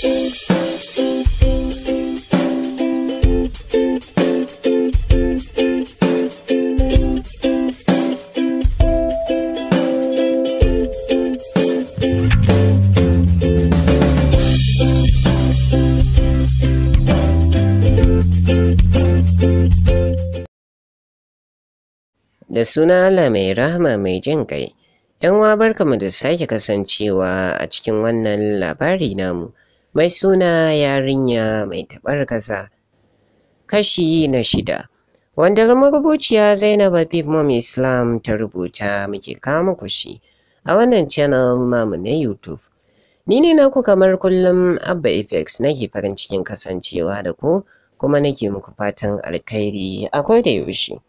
da suna Allah mai rahama mai jin kai. ‘Yan uwa barkamu da sake kasancewa a cikin wannan labari namu mai suna yarinya mai taɓar gaza kashi na shida wanda marubuciya zainab habib mom islam ta rubuta muke kama kushi a wannan channel namu na youtube ni ne naku kamar kullum abba apex nake farin cikin kasancewa da ku kuma nake muku fatan alkhairi a da yaushe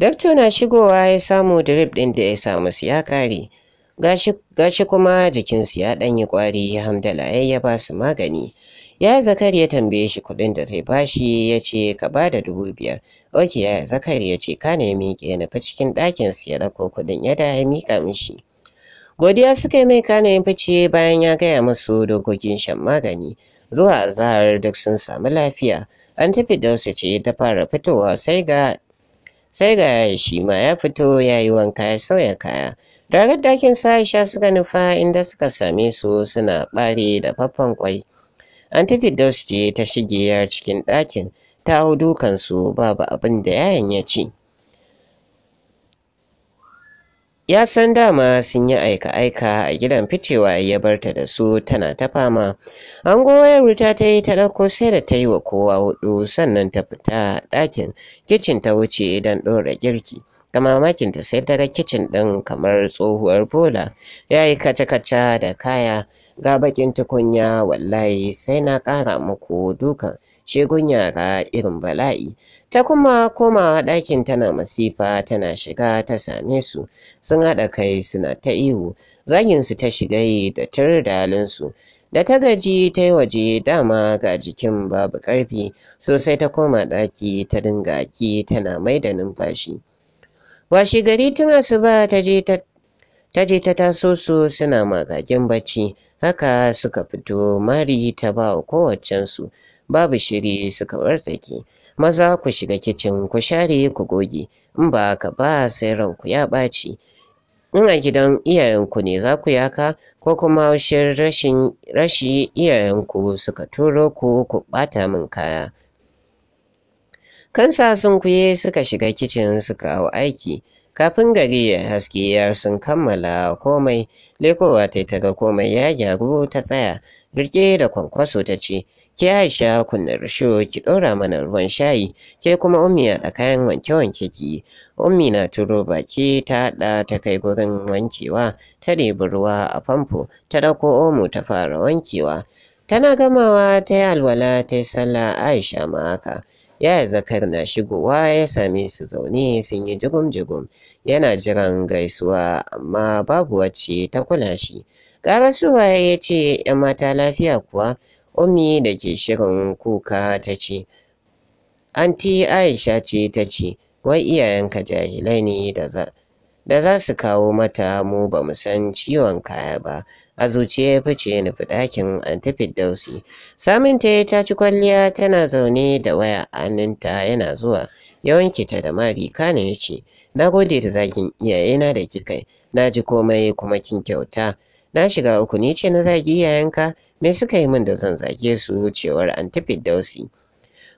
Dakto na shigowa ya samu drip ɗin da ya samu ya kare. gashi kuma jikinsu ya ɗanyi ƙwari hamdala ya ba su magani ya zakari ya tambaye shi kuɗin da zai bashi ya ce ka ba da dubu biyar Oki, ya zakari ya ce ka nemi ke nufi cikin ɗakinsu ya ɗauko kuɗin ya da ya miƙa mishi godiya suka yi mai kana yin fice bayan ya gaya musu dokokin shan magani zuwa azahar duk sun samu lafiya an tafi dausa ce ta fara fitowa sai ga sai ga shi ma ya fito ya yi wanka ya sauya kaya daga dakin Aisha suka nufa inda suka same su suna ɓare da faffan kwai antifidos ce ta shige cikin ɗakin ta hau dukansu babu abin da yayan ya ce ya san dama sun yi aika-aika a gidan ficewa ya bar ta da su tana ta fama an goya ruta ta yi ta ɗauko sai da ta yi wa kowa hudu sannan ta fita ɗakin kicin ta wuce don ɗora girki Ga ta sai ta ga kicin ɗin kamar tsohuwar bola, ya yi kaca-kaca da kaya, ga bakin tukunya wallahi sai na ƙara muku dukan shegun yara irin bala'i. Ta kuma komawa ɗakin tana masifa tana shiga ta same su, sun haɗa kai suna ta ihu, zaginsu ta shiga yi da turdalinsu. Da ta gaji ta yi waje dama ga jikin babu ƙarfi sosai ta koma ɗaki ta dinga ki tana mai da numfashi. washi gari tun su ba je ta je ta taso su suna magagen bacci haka suka fito mari ta ba wa kowaccensu babu shiri suka wartsake maza ku shiga kicin ku share ku goge in ba ka ba sai ranku ya ɓaci in a gidan iyayenku ne za ku yaka ko kuma haushin rashi iyayenku suka turo ku ku ɓata min kaya Kansa sun kuye suka shiga kicin suka hau aiki. Kafin gari ya haske ya sun kammala komai, lekowa ta ta ga komai ya gyaru ta tsaya, rike da kwankwaso ta ce, Ki Aisha kunna risho ki ɗora mana ruwan shayi, ke kuma ummi a kayan wanke-wanke ki. Ummi na turo baki ta haɗa ta kai gurin wankewa, ta ɗebi ruwa a famfo, ta ɗauko omo ta fara wankewa. Tana gamawa ta yi alwala ta yi sallah Aisha ma haka. Yaya Zakar na shigowa ya same su zaune sun yi jigum-jigum yana jiran gaisuwa amma babu wacce ta kula shi. Karasuwa ya ce ‘yan mata lafiya kuwa Ummi da ke shirin kuka ta ce, Anti Aisha ce ta ce, wai iyayenka jahilai ne da za da za su kawo mata mu ba mu san ciwon kaya ba a zuciya ya fice nufi ɗakin antifid samin saminta ta ci kwalliya tana zaune da waya hannunta yana zuwa ya wanke ta da mari kana ya ce na gode ta zagin iyayena da kikai na ji komai kuma kin kyauta na shiga uku ni ce na zagi iyayenka me suka yi min da zan zage su cewar antifid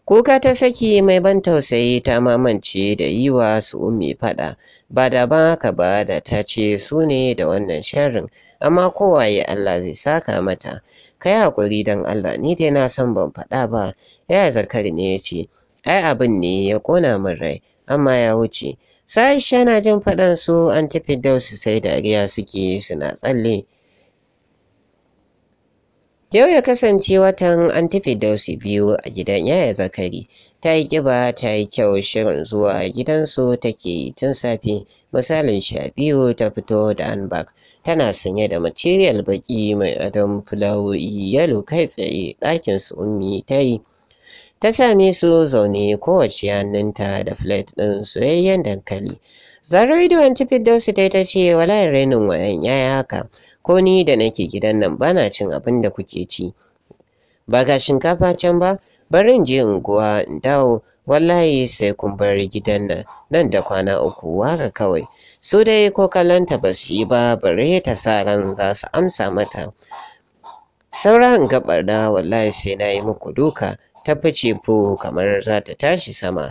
Kuka ta saki mai ban tausayi ta mamance da yi wa su umi faɗa, ba da ba ka ba da ta ce su ne da wannan sharin. amma kowaye Allah zai saka mata. Ka yi haƙuri don Allah, ni dai na san ban faɗa ba, ya zakar ne ya ce, ai abin ne ya ƙona min rai, amma ya wuce. Sa'isha na jin faɗar su an tafi dausu sai dariya suke suna tsalle. Yau ya kasance watan antifidosi biyu a gidan yaya zakari. Ta yi ƙiba ta yi kyau shirin zuwa gidansu take tun safe misalin sha biyu ta fito da handbag tana sanye da material baƙi mai adon fulawoyi yalo kai tsaye ɗakin su ummi ta yi. Ta same su zaune kowace hannunta da flat ɗin soyayyen dankali. Zarar ido tafi dausi ta ce walayin rainin wayan yaya haka. ko ni da nake gidan nan bana cin abin da kuke ci ba ga shinkafa can ba bari in je unguwa in dawo wallahi sai kun bar gidan nan nan da kwana uku waka kawai su dai ko kallonta ba su yi ba bare ta sa ran za su amsa mata saura in ga na wallahi sai na yi muku duka ta fice fo kamar za ta tashi sama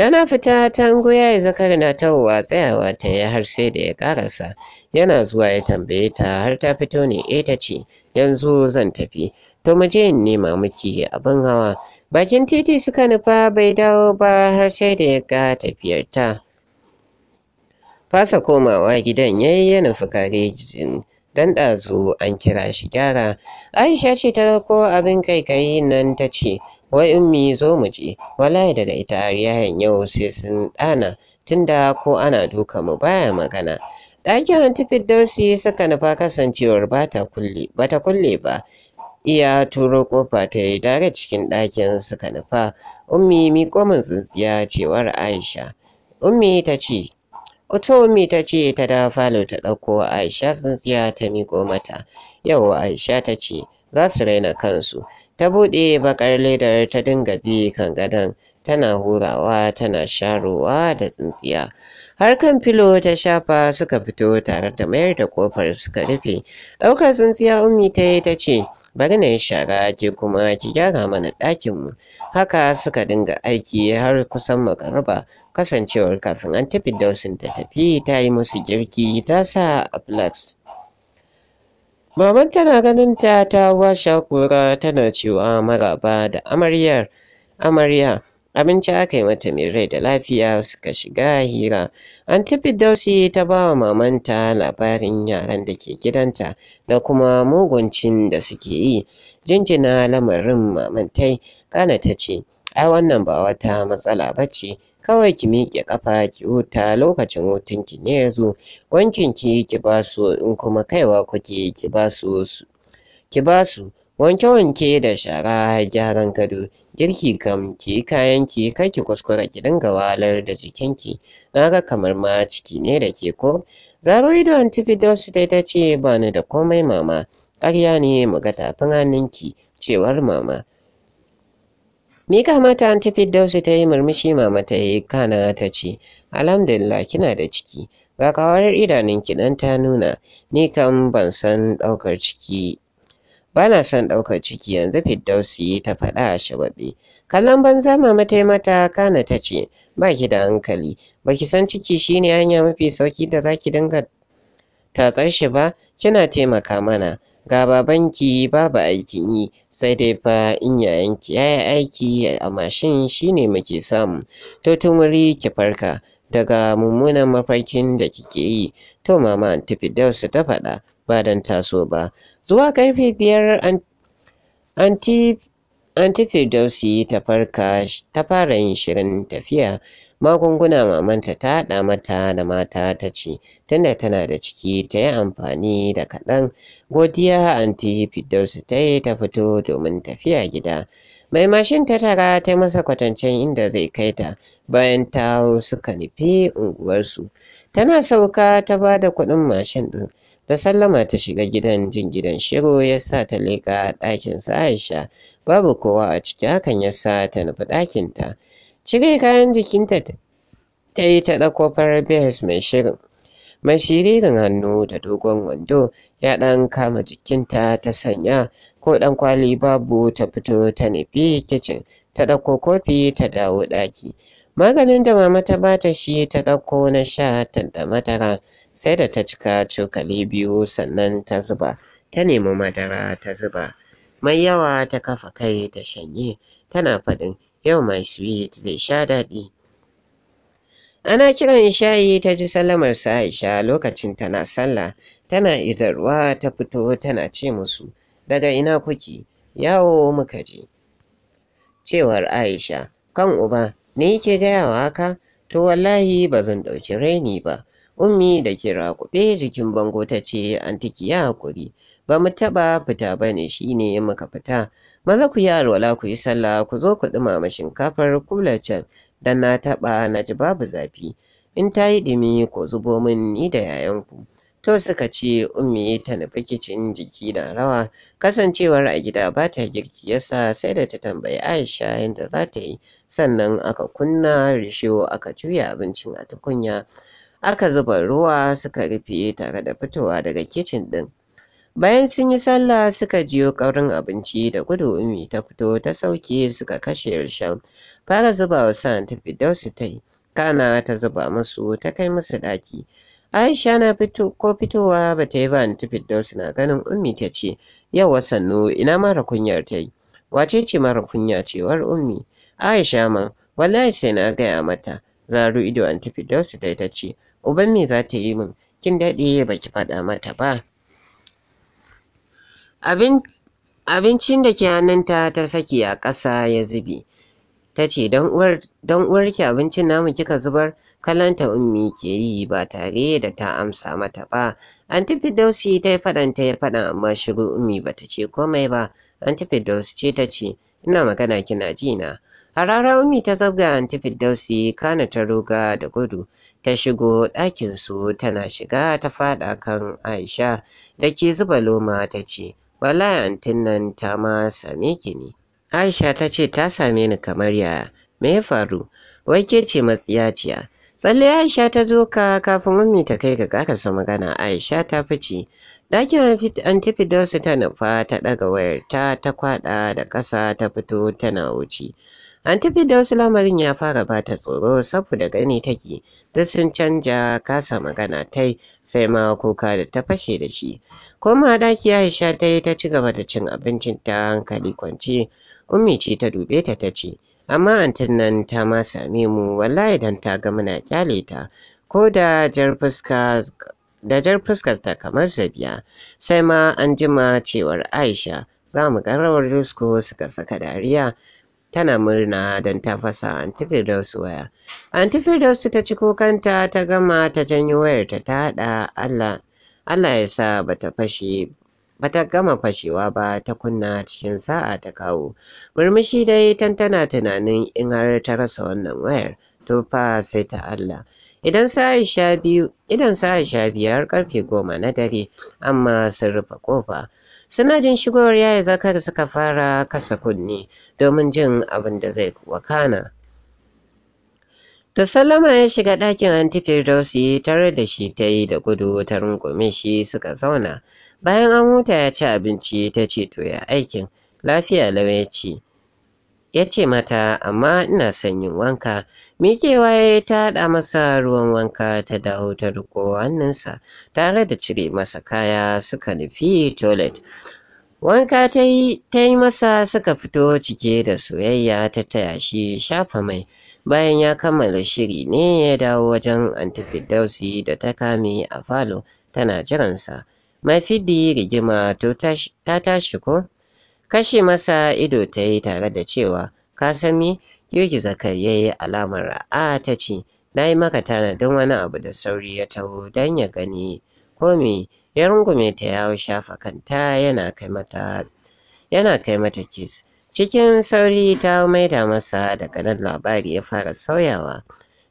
Yana fita ta hango ya zakar na tawowa tsayawa ta yi har sai da ya karasa. Yana zuwa ya tambaye ta har ta fito ne e ta ce yanzu zan tafi. To mu je in nema miki abin hawa. Bakin titi suka nufa bai dawo ba har sai da ya ga tafiyar ta. Fasa komawa gidan yayi yi ya nufi karejin dan ɗazu an kira shi gyara. Aisha ce ta rako abin kai-kai nan ta ce wai ummi zo mu je wallahi daga ita ariyan yau sai sun dana tunda ko ana duka mu baya magana ɗakin anti firdausi suka nufa kasancewar bata kulle bata kulle ba iya turo kofa ta yi daga cikin ɗakin suka nufa ummi mi min tsintsiya cewar aisha ummi ta ce Oto ummi ta ce ta da falo ta ɗauko aisha tsintsiya ta miƙo mata yau aisha ta ce za su raina kansu ta buɗe bakar ledar ta dinga bi kan gadon tana hurawa tana sharowa da tsintsiya har kan filo ta shafa suka fito tare da mayar da kofar suka rufe ɗaukar tsintsiya ummi ta yi ta ce bari na yi shara ke kuma ki gyara mana ɗakinmu haka suka dinga aiki har kusan magarba kasancewar kafin an tafi dausin ta tafi ta yi musu girki ta sa a flask Maman tana ganin ta ta washe kura tana cewa maraba da amaryar. Amarya, abinci aka yi mata mai rai da lafiya suka shiga hira. Anti Firdausi ta ba wa mamanta labarin yaran da ke gidanta da kuma muguncin da suke yi. Jinjina lamarin mamantai, kana ta ce, ai wannan ba wata matsala ba ce kawai ki miƙe ƙafa ki huta lokacin hutun ki ne ya zo wankin ki ba su in kuma kaiwa kuke ki ba su ki ba wanke-wanke da shara gyaran gado girki kam ki kayan ki kar ki kuskura ki dinga wahalar da jikinki na ga kamar ma ciki ne da ke ko zaro ido antifidos dai ta ce ba da komai mama ƙarya ne mu ga tafin hannunki cewar mama Me ka mata an tafi ta yi murmushi mama ta yi kana ta ce, Alhamdulillah kina da ciki, ga kawarar idanunki dan ta nuna, ni kam ban san ɗaukar ciki Bana son ɗaukar ciki yanzu Fiddausi ta faɗa a shababe. Kallon banza mama ta yi mata kana ta ce, ba ki da hankali, ba ki san ciki shine hanya mafi sauki da za ki dinga tatsar shi ba, kina taimaka mana. ga babanki babu aikin yi sai dai fa in yayanki ya yi aiki a mashin shine muke samu to tun wuri ki farka daga mummunan mafarkin da kike yi to mama anti Firdausu ta faɗa ba don taso ba zuwa karfe biyar anti ta farka ta fara yin shirin tafiya magunguna mamanta ta haɗa mata da mata ta ce tunda tana da ciki ta yi amfani da kaɗan godiya anti firdausu ta yi ta fito domin tafiya gida mai mashin ta tara ta masa kwatancen inda zai kai ta bayan ta suka nufi unguwarsu tana sauka ta ba da kuɗin mashin ɗin ta sallama ta shiga gidan jin gidan shiru ya sa ta leƙa ɗakin sa aisha babu kowa a ciki hakan ya sa ta nufi ɗakinta Cire kayan jikinta ta yi ta ɗako farar mai shirin. Mai shiririn hannu da dogon wando ya ɗan kama jikinta ta sanya ko ɗan kwali babu ta fito ta nufi kicin ta ɗauko kofi ta dawo ɗaki. Maganin da mama ta bata shi ta ɗauko na sha da madara sai da ta cika cokali biyu sannan ta zuba. ta nemi madara ta zuba mai yawa ta kafa kai ta shanye tana faɗin yau Mai sweet zai sha daɗi. Ana kiran shayi ta ji salamar Aisha lokacin tana sallah tana idarwa ta fito tana ce musu daga ina kuki?" yawo muka je. Cewar Aisha kan uba ne yake gayawa haka to wallahi ba zan ɗauki raini ba. Ummi da kira kuɓe jikin bango ta ce antiki ya haƙuri ba mu taɓa fita ba ne shi ne muka fita maza ku yi alwala ku yi sallah ku zo ku ɗumama shinkafar kula can na taɓa na ji babu zafi in ta yi ɗumi ko zubo min ni da yayanku to suka ce ummi ta nufi kicin jiki na rawa kasancewar a gida ba ta girki yasa sai da ta tambayi aisha yadda za ta yi sannan aka kunna rishiyo aka juya abincin a tukunya aka zuba ruwa suka rufe tare da fitowa daga kicin ɗin Bayan sun yi sallah suka jiyo ƙaurin abinci da gudu umi ta fito ta sauke suka kashe risham. Fara zuba wa san ta ta yi, kana ta zuba musu ta kai musu ɗaki. Aisha na fito ko fitowa ba ta yi ba ta fidausu na ganin umi ta ce, yau wasannu ina mara kunyar ta yi. Wace ce mara kunya cewar umi? Aisha ma wallahi sai na gaya mata. Zaru ido an tafi ta yi ta ce, Uban me za ta yi min? Kin daɗe baki faɗa mata ba. abincin da ke hannunta ta saki a ƙasa ya zube ta ce don uwarki abincin namu kika zubar kalanta ummi ke yi ba tare da ta amsa mata ba an tafi dausi ta yi faɗan ta yi faɗan amma shiru ummi ba ta ce komai ba an tafi ce ta ce ina magana kina ji na harara ummi ta zabga an tafi dausi kana ta ruga da gudu ta shigo ɗakinsu tana shiga ta faɗa kan aisha da ke zuba loma ta ce Wallahi antin nan ta ma same ki ne. Aisha ta ce ta same ni kamar yaya. Me ya faru? Wai ke ce matsiyaciya. Tsalle Aisha ta zo ka kafin mummi ta kai ga kakarsa magana Aisha ta fice. Ɗakin antifidosi ta nufa ta ɗaga wayar ta ta kwaɗa da ƙasa ta fito tana wuce. antifidosi lamarin ya fara ba ta tsoro saboda gani take duk sun canja kasa magana tai sai ma kuka da ta fashe da shi. Koma ɗaki Aisha ta yi ta ci gaba da cin abincin ta hankali kwance. Ummi ce ta dube ta ta ce, amma antin nan ta ma same mu wallahi dan ta ga muna kyale ta ko da jar fuska da jar fuskar ta kamar zabiya sai ma an jima cewar Aisha za mu ga rawar suka saka dariya tana murna don ta fasa anti waya. Anti ta ci kukanta ta gama ta janyo wayarta ta haɗa Allah Allah ya sa bata fashe ta gama fashewa ba ta kunna cikin sa'a ta kawo. Murmushi dai tantana tunanin in har ta rasa wannan wayar to fa sai ta Allah. Idan sa'a sha biyu idan sa'a sha biyar karfe goma na dare amma sun rufe kofa. Suna jin shigowar yayi zakar suka fara kasa kunne domin jin abin da zai wakana. Da salama ya shiga ɗakin anti tare da shi ta yi da gudu ta rungume shi suka zauna. Bayan an huta ya ci abinci ta ce to ya aikin lafiya lau ya ce. Ya ce mata amma ina son yin wanka. Mikewa ya ta haɗa masa ruwan wanka ta dawo ta riko hannunsa tare da cire masa kaya suka nufi toilet. Wanka ta yi masa suka fito cike da soyayya ta taya shi shafa mai. Bayan ya kammala shiri ne ya dawo wajen Anti da ta kame a falo tana jiransa. Mafidi rigima ta tashi ko? Kashe masa ido ta yi tare da cewa, ka san me? Yogi Zakar ya yi alamar a ta ce, na yi maka tanadin wani abu da sauri ya taho don ya gani ko me ya rungume ta ya shafa kanta yana kai mata yana kai mata kis Cikin sauri ta maida masa da kanan labari ya fara sauyawa.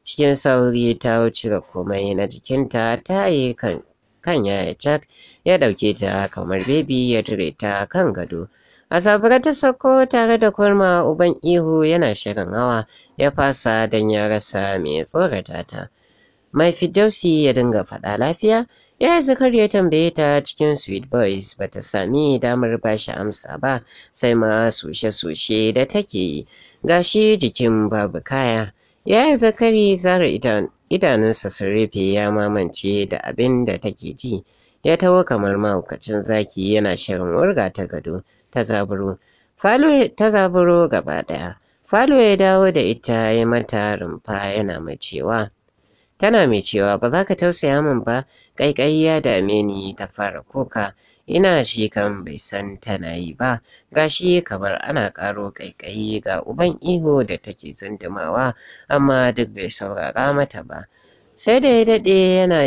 Cikin sauri ta cire komai na jikinta ta yi kan kan yaya Jack ya ɗauke ta kamar bebi ya dure ta kan gado. A sabura ta sako tare da kulma uban ihu yana shirin hawa ya fasa don ya rasa mai tsorata ta. Mai ya dinga faɗa lafiya Ya zakar ya tambaye ta cikin sweet boys ba ta sami damar ba shi amsa ba sai ma soshe-soshe da take yi. Gashi jikin babu kaya. Ya zakari zara idanunsa su rufe ya mamance da abin da take ji. Ya tawo kamar mahaukacin zaki yana shirin wurga ta gado ta zaburo. ta gaba ɗaya. Falo ya dawo da ita ya mata rumfa yana macewa. tana mai cewa ba za ka tausaya min ba ƙaiƙayi ya dame ni ta fara koka. ina shi kan bai san tana yi ba gashi kamar ana ƙaro ƙaiƙayi ga uban ihu da take zundumawa amma duk bai saurara mata ba sai da ya daɗe yana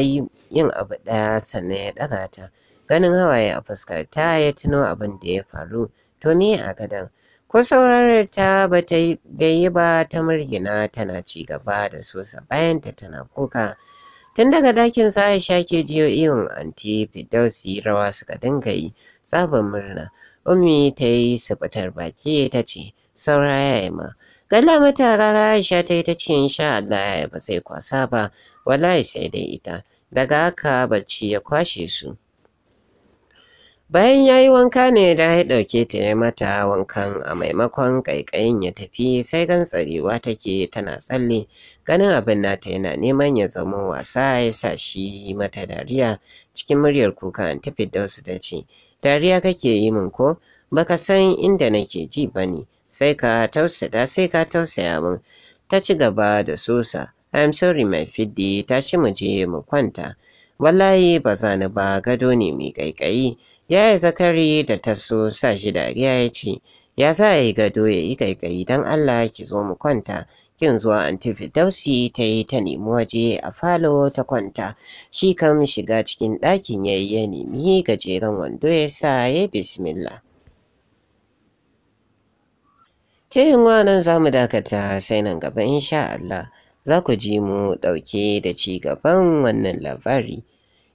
yin abu ɗaya sannan ya ɗaga ta ganin hawaye a fuskar ta ya tuno abin da ya faru to me a gadon ko saurarar ta ba ta yi ba ta murgina tana ci gaba da sosa bayanta tana kuka tun daga dakin sa aisha ke jiyo ihun anti fidausi rawa suka dinga yi tsaban murna ummi ta yi subatar baki ta ce saura ya yi ma galla mata rara aisha ta yi ta ce insha Allah ya ba zai kwasa ba wallahi sai dai ita daga haka bacci ya kwashe su Bayan ya yi wanka ne da ya ɗauke ta ya mata wankan a maimakon ƙaiƙayin ya tafi sai gan tsarewa take tana tsalle ganin abin nata yana neman ya zama wasa ya sa shi mata dariya cikin muryar kuka an tafi wasu ta ce dariya kake yi min ko baka san inda nake ji ba ne sai ka tausaya sai ka tausaya min ta ci gaba da sosa I'm sorry my fiddi tashi mu je mu kwanta wallahi ba zani ba gado ne mai ƙaiƙayi Ya yi Zakari da ta so sa shi dariya ya ce, Ya sa ya yi gado ya yi gaigayi don Allah ki zo mu kwanta. Kin zuwa Anti Fidausi ta yi ta nemi waje a falo ta kwanta. Shi kam shiga cikin ɗakin ya yi ya nemi gajeren wando ya sa ya yi bismillah. Cikin wannan za mu dakata sai nan gaba insha Allah za ku ji mu ɗauke da ci gaban wannan labari.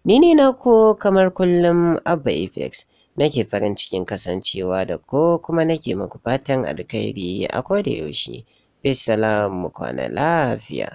Ni ne na ko kamar kullum Abba Apex nake farin cikin kasancewa da ko kuma nake muku fatan alkhairi a koda yaushe. Bisalam kwana lafiya.